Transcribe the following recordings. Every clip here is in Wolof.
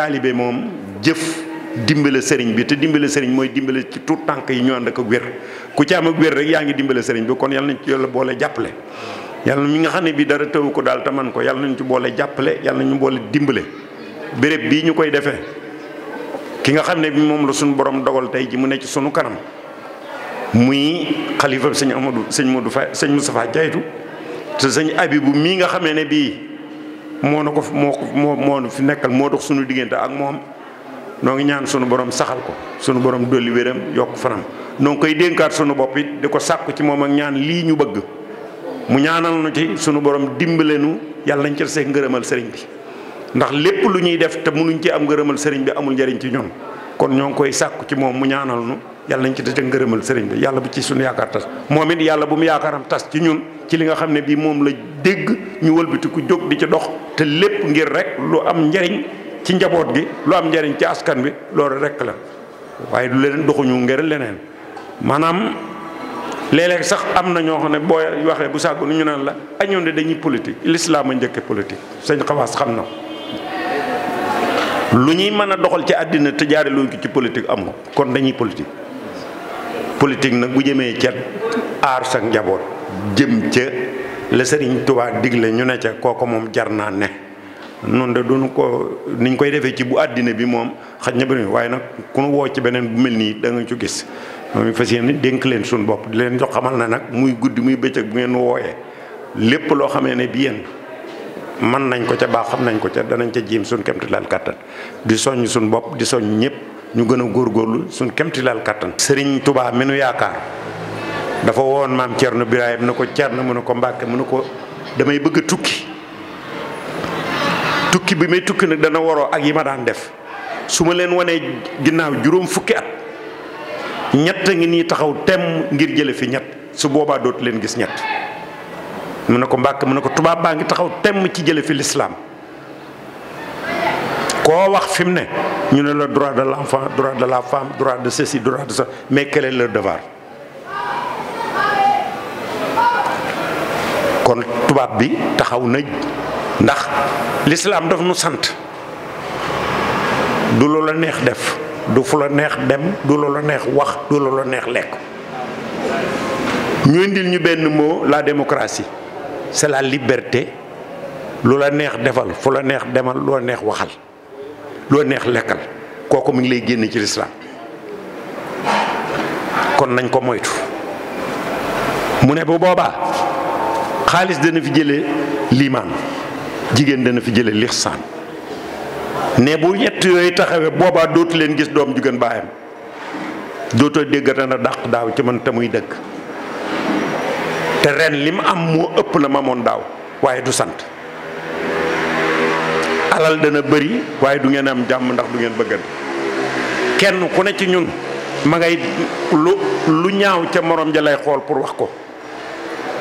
taalibe moom jëf dimbale sëriñ bi te dimbale sëriñ mooy dimbale ci tout tànk yi ñu ànd ak wér ku ci am ak wér rek yaa ngi dimbale sëriñ bi kon yàlla nañ ci yàlla boole jàppale. yàlla mi nga xam ne bii dara tëwu ko daal te man ko yàlla nañ ci boole jàppale yàlla nañu boole dimbale béréb bii ñu koy defee ki nga xam ne bi moom la suñu boroom dogal tey ji mu ne ci sunu kanam muy xalifa sëñ Amadou sëñ Modou Faye sëñ Moustapha Diaytu te sëñ Abibou mii nga xamee ne bii. moo na ko moo moo moo fi nekkal moo dox suñu diggante ak moom noo ngi ñaan suñu borom saxal ko suñu borom dolli wéram yokk fanam noo koy dénkaat sunu bopp it di ko sàkku ci moom ak ñaan lii ñu bëgg mu ñaanal nu ci sunu borom dimbale nu yàlla nañ ci seeg ngërëmal sëriñ bi ndax lépp lu ñuy def te mënuñ ci am ngërëmal sëriñ bi amul njëriñ ci ñoom kon ñoo koy sàkku ci moom mu ñaanal nu yàlla nañ ci dajee ngërëmal sëriñ bi yàlla bu ci suñu yaakaar tas moom it yàlla bu mu yaakaaram tas ci ñun ci li nga xam ne bii moom la dégg ñu wëlbatiku jóg di ci dox te lépp ngir rek lu am njariñ ci njaboot gi lu am njariñ ci askan bi loolu rek la waaye du leneen doxuñu ngir leneen maanaam léeg sax am na ñoo xam ne boo waxee bu sàggu nu ñu naan la ay ñoom de dañuy politique lislaam a njëkke politique sëñ xawaas xam na lu ñuy mën a doxal ci àddina te jaare luñ ko ci politique am ko kon dañuy politique politique nag bu jëmee ca aar sa njaboot jëm ca la sëriñ Tuubaa digle ñu ne ca kooku moom jar naa ne noonu de duñu ko niñ koy defee ci bu àddina bi moom xaj na bëri waaye nag ku woo ci beneen bu mel da nga ci gis moom fas yéene dénk leen suñu bopp di leen jox xamal na nag muy guddi muy bëccëg bu ngeen wooyee lépp loo xamee ne bi yéen mën nañ ko ca baax xam nañ ko ca danañ ca jiim suñ kemti laal kàttan di soñ suñ bopp di soññ ñëpp ñu gën a góorgóorlu suñ kemtilaal kàttan sëriñ tubaa mi nu yaakaar dafa woon maam Cerno Birahim na ko Cerno mu ne ko Mbàkke mu ne ko damay bëgg a tukki tukki bi may tukki nag dana waroo ak yi ma daan def su ma leen wanee juróom fukki at ñett ngi nii taxaw temm ngir jële fi ñett su boobaa dootu leen gis ñett mu ne ko Mbàkke mu ne ko tubaab baa ngi taxaw temm ci jële fi lislaam koo wax fi mu ne ñu ne la droit de l'enfant droit de la femme droit de ceci droit de ça mais quel la leur kon tubaab bi taxaw na ndax l'islam daf nu sant du lu la neex def du fu la neex dem du lu la neex wax du lu la neex lekk ñu indi ñu benn mot la démocratie c'est la liberté lu la neex defal fu la neex demal lu la neex waxal loo neex lekkal kooku mu ngi lay génne ci lislaam kon nañ ko moytu mu ne bu boobaa xaalis dana fi jële liimaan jigéen dana fi jële lixsaan ne bu ñett yooyu taxawee boobaa dootu leen gis doom ju gën baayam dootoo dégg dana dàq daaw ci man te muy dëkk te ren lim am moo ëpp la mu amoon daaw waaye du sant alal dana bëri waaye du ngeen am jàmm ndax du ngeen bëggan kenn ku ne ci ñun ma ngay lu lu ñaaw ca morom ja xool pour wax ko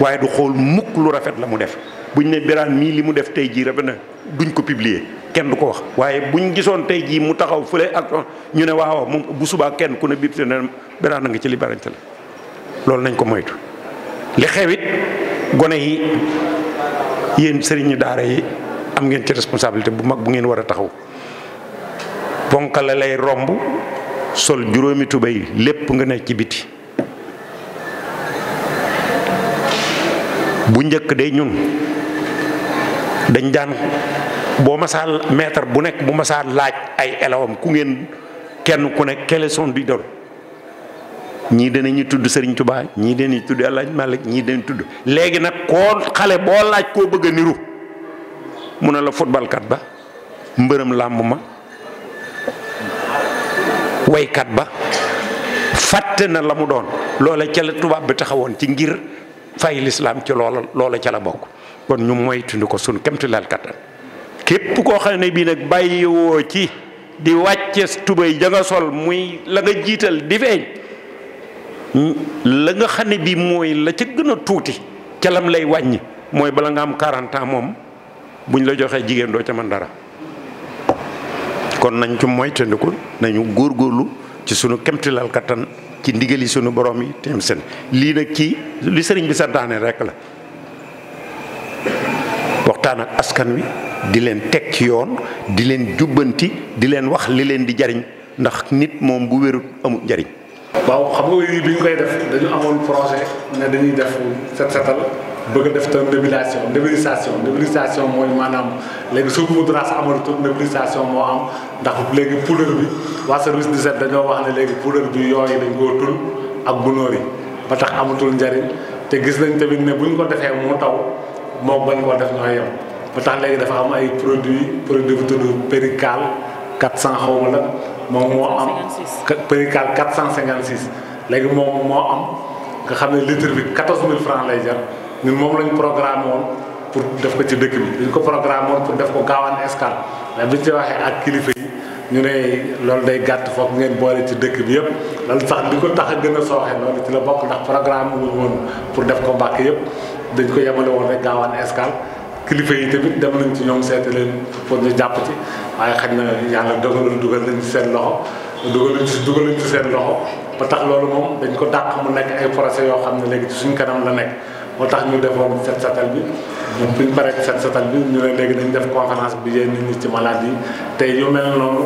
waaye du xool mukk lu rafet la mu def buñ ne Birane mii li mu def tey jii rafet na duñ ko publier kenn du ko wax waaye buñ gisoon tey jii mu taxaw fële ak ñu ne waaw moom bu subaa kenn ku ne biir te ne Birane na nga ci li barante la loolu nañ ko moytu li xewit gone yi yéen sëriñu daara yi am ngeen ci responsabilité bu mag bu ngeen war a taxaw ponk lay romb sol juróomi tubéy lépp nga ne ci biti bu njëkk day ñun dañ daan boo masaa maître bu nekk bu masaa laaj ay elawam ku ngeen kenn ku nekk quelle leçon bi doon ñii danañu tudd Serigne Touba ñii danañu ñii danañ tudd léegi nag koo xale boo laaj koo bëgg a niru mu ne la footballkat ba mbërëm làmb ma waykat ba fàtte na la mu doon loola ca tubaab bi taxawoon ci ngir fay lislaam ci loola loola ca bokk kon ñu moytundi ko sunu kemtilaal kattan képp koo xam ne bii nag bàyyiwoo ci di wàcce tubéy ja nga sol muy la nga jiital di feeñ la nga xane bii mooy la ca gën a tuuti ca lam lay wàññi mooy bala nga am 40 moom buñ la joxee jigéen doo ca man dara kon nañ ci moytandiku nañu góor góorlu ci sunu kemtilal kattan ci ndigali sunu borom yi teem seen lii nag ci li sëriñ bi santaane rek la waxtaan ak askan wi di leen teg ci yoon di leen jubbanti di leen wax li leen di jariñ ndax nit moom bu wérut amul njariñ waaw xam nga yii bi ñu koy def dañu amoon projet ne dañuy def set setal bëgg a def tam nébulisation nébulisation nébulisation mooy maanaam léegi soo bëggoon dara sa amatul nébulisation moo am ndax léegi poudre bi waa service di set dañoo wax ne léegi poudre bi yooyu dañ koo tul ak gunóor yi ba tax amatul njariñ te gis nañ tamit ne bu ñu ko defee mu taw moo bañ koo def ñooy yem ba tax léegi dafa am ay produits produit bu tudd pérical cent xaw ma la moom moo am pérical 456 léegi moom moo am nga xam ne litre bi 14000 francs lay jar ñun moom lañu programme woon pour def ko ci dëkk bi dañ ko programme woon def ko gaawaan escale mais bi ñu ci waxee ak kilifa yi ñu ne loolu day gàtt foog ngeen boole ci dëkk bi yëpp loolu sax li ko tax a gën a sooxe loolu ci la bokk ndax programme wuñu woon pour def ko mbàkk yëpp dañ ko yemale woon rek gaawaan escale kilifa yi tamit dem nañ ci ñoom seete leen pour ñu jàpp ci waaye xam na yàlla dogalul dugal nañ ci seen loxo dugaluñ ci dugaluñ ci seen loxo ba tax loolu moom dañ ko dàq mu nekk ay procès yoo xam ne léegi ci suñ kanam la nekk moo tax ñu defoon set setal bi ñoom bu ñu paree set bi ñu ne léegi dañ def conférence bi yéen nit ñi ci malade yi tey yu mel noonu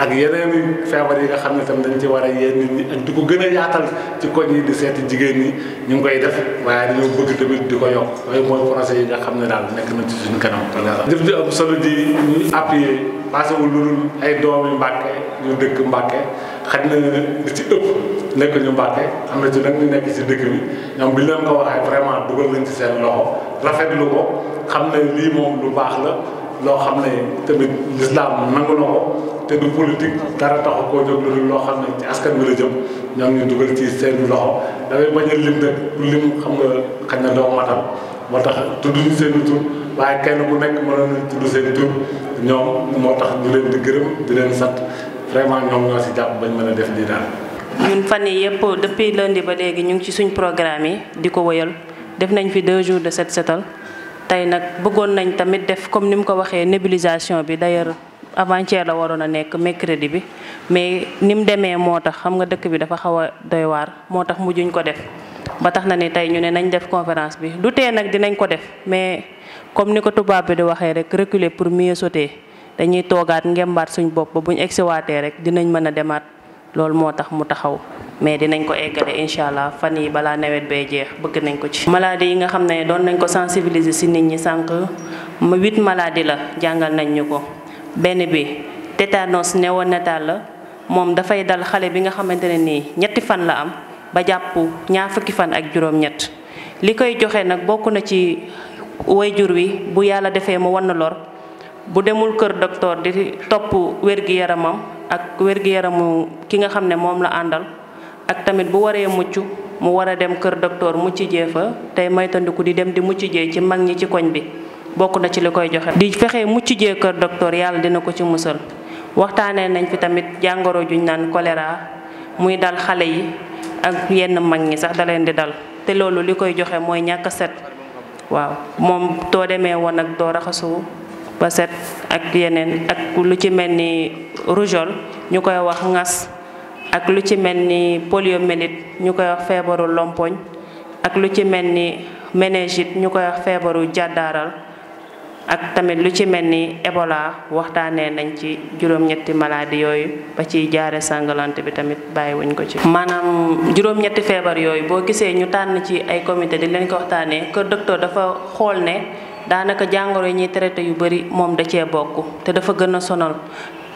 ak yeneen feebar yi nga xam ne tam dañ ci war a yee nit ñi ak di ko gën a yaatal ci koñ yi di seeti jigéen ñi ñu ngi koy def waaye dañoo bëgg tamit di ko yokk yooyu mooy projet yi nga xam ne daal nekk na ci suñu kanam. jëf ji solo ji ñuy appuyer lu dul ay doomi Mbàkke ñu dëkk Mbàkke xaj na li ci ëpp nekk ñu Mbàkke am na ci nag ñu nekk ci dëkk bi ñoom bi leen ko waxee vraiment dugal nañ ci seen loxo rafetlu ko xam ne lii moom lu baax la. loo xam ne tamit lislaam nangu na ko te du politique dara taxu koo jóg lu loo xam ne ci askan wi la jëm ñoom ñu dugal ci seen loxo dafay bañ a lim nag lim xam nga xañ na doo matal moo tax tudduñu seen tur waaye kenn ku nekk mënoon nañ tudd seen tur ñoom moo tax ñu leen di gërëm di leen sant vraiment ñoom ñoo si jàpp bañ mën a def lii daal. ñun fan yii yëpp depuis lundi ba léegi ñu ngi ci suñ programme yi di ko wëyal def nañ fi deux jours de set setal. tey nag bëggoon nañ tamit def comme ni mu ko waxee nébilisation bi d'ailleurs avant-hier la waroon a nekk mercredi bi mais ni mu demee moo tax xam nga dëkk bi dafa xaw a doy waar moo tax mujjuñ ko def ba tax na ni tey ñu ne nañ def conférence bi du tee nag dinañ ko def mais comme ni ko tubaab bi di waxee rek reculer pour mieux sauter dañuy toogaat ngembaat suñ bopp ba buñ egsiwaatee rek dinañ mën a demaat loolu moo tax mu taxaw mais dinañ ko eggale incha allah fan yi balaa nawet bee jeex bëgg nañ ko ci. maladie yi nga xam ne doon nañ ko sensibiliser si nit ñi sànq huit maladie la jàngal nañ ñu ko benn bi tetaanos tétanos néonatal la moom dafay dal xale bi nga xamante ne nii ñetti fan la am ba jàppu ñaar fukki fan ak juróom-ñett li koy joxe nag bokk na ci wayjur wi bu yàlla defee ma wan na lor. bu demul kër docteur di topp wér-gi-yaramam ak wér-gi-yaramu ki nga xam ne moom la àndal ak tamit bu waree mucc mu war a dem kër docteur mucc jee tey maytandiku di dem di mucc jee ci mag ñi ci koñ bi bokk na ci li koy joxe di fexee mucc jee kër docteur yàlla dina ko ci musal waxtaanee nañ fi tamit jàngoro juñ naan choléra muy dal xale yi ak yenn mag ñi sax da di dal te loolu li koy joxe mooy ñàkk set waaw moom too demee woon ak doo raxasu ba set ak yeneen ak lu ci mel ni rougeole ñu koy wax ngas ak lu ci mel ni poliomyélite ñu koy wax feebaru lompoñ ak lu ci mel ni méningite ñu koy wax feebaru jàddaaral ak tamit lu ci mel ni Ebola waxtaanee nañ ci juróom-ñetti maladie yooyu ba ciy jaare sangalante bi tamit bàyyi wuñ ko ci. maanaam juróom-ñetti feebar yooyu boo gisee ñu tànn ci ay comité di leen ko waxtaanee kër docteur dafa xool ne. daanaka jàngoro yi ñuy traité yu bëri moom da cee bokk te dafa gën a sonal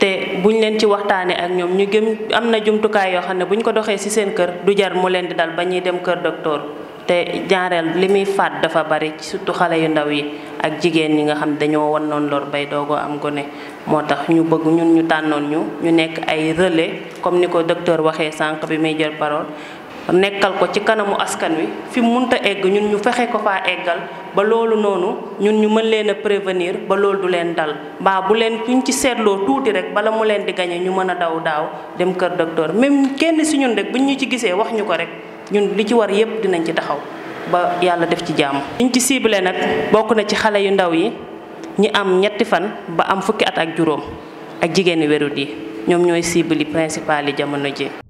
te buñ leen ci waxtaanee ak ñoom ñu gëm am na jumtukaay yoo xam ne bu buñ ko doxee ci seen kër du jar mu leen di dal ba ñuy dem kër docteur te jaareel li muy faat dafa bari surtout xale yu ndaw yi ak jigéen ñi nga xam dañoo wan noonu lor bay doogoo am gone moo tax ñu bëgg ñun ñu tànnoon ñu ñu nekk ay relais comme ni ko docteur waxee sànq bi muy jël parole nekkal ko ci kanamu askan wi fi mu munta egg ñun ñu fexe ko fa eggal ba loolu noonu ñun ñu mën leen a prévenir ba loolu du leen dal mbaa bu leen ñu ci seetloo tuuti rek bala mu leen di gañe ñu mën a daw daaw dem kër docteur même kenn si ñun rek bu ñu ci gisee wax ñu ko rek ñun li ci war yépp dinañ ci taxaw ba yàlla def ci jàmm. liñ ci ciblé nag bokk na ci xale yu ndaw yi ñi am ñetti fan ba am fukki at ak juróom ak jigéeni wérut yi ñoom ñooy cible yi principal yi jamono ji.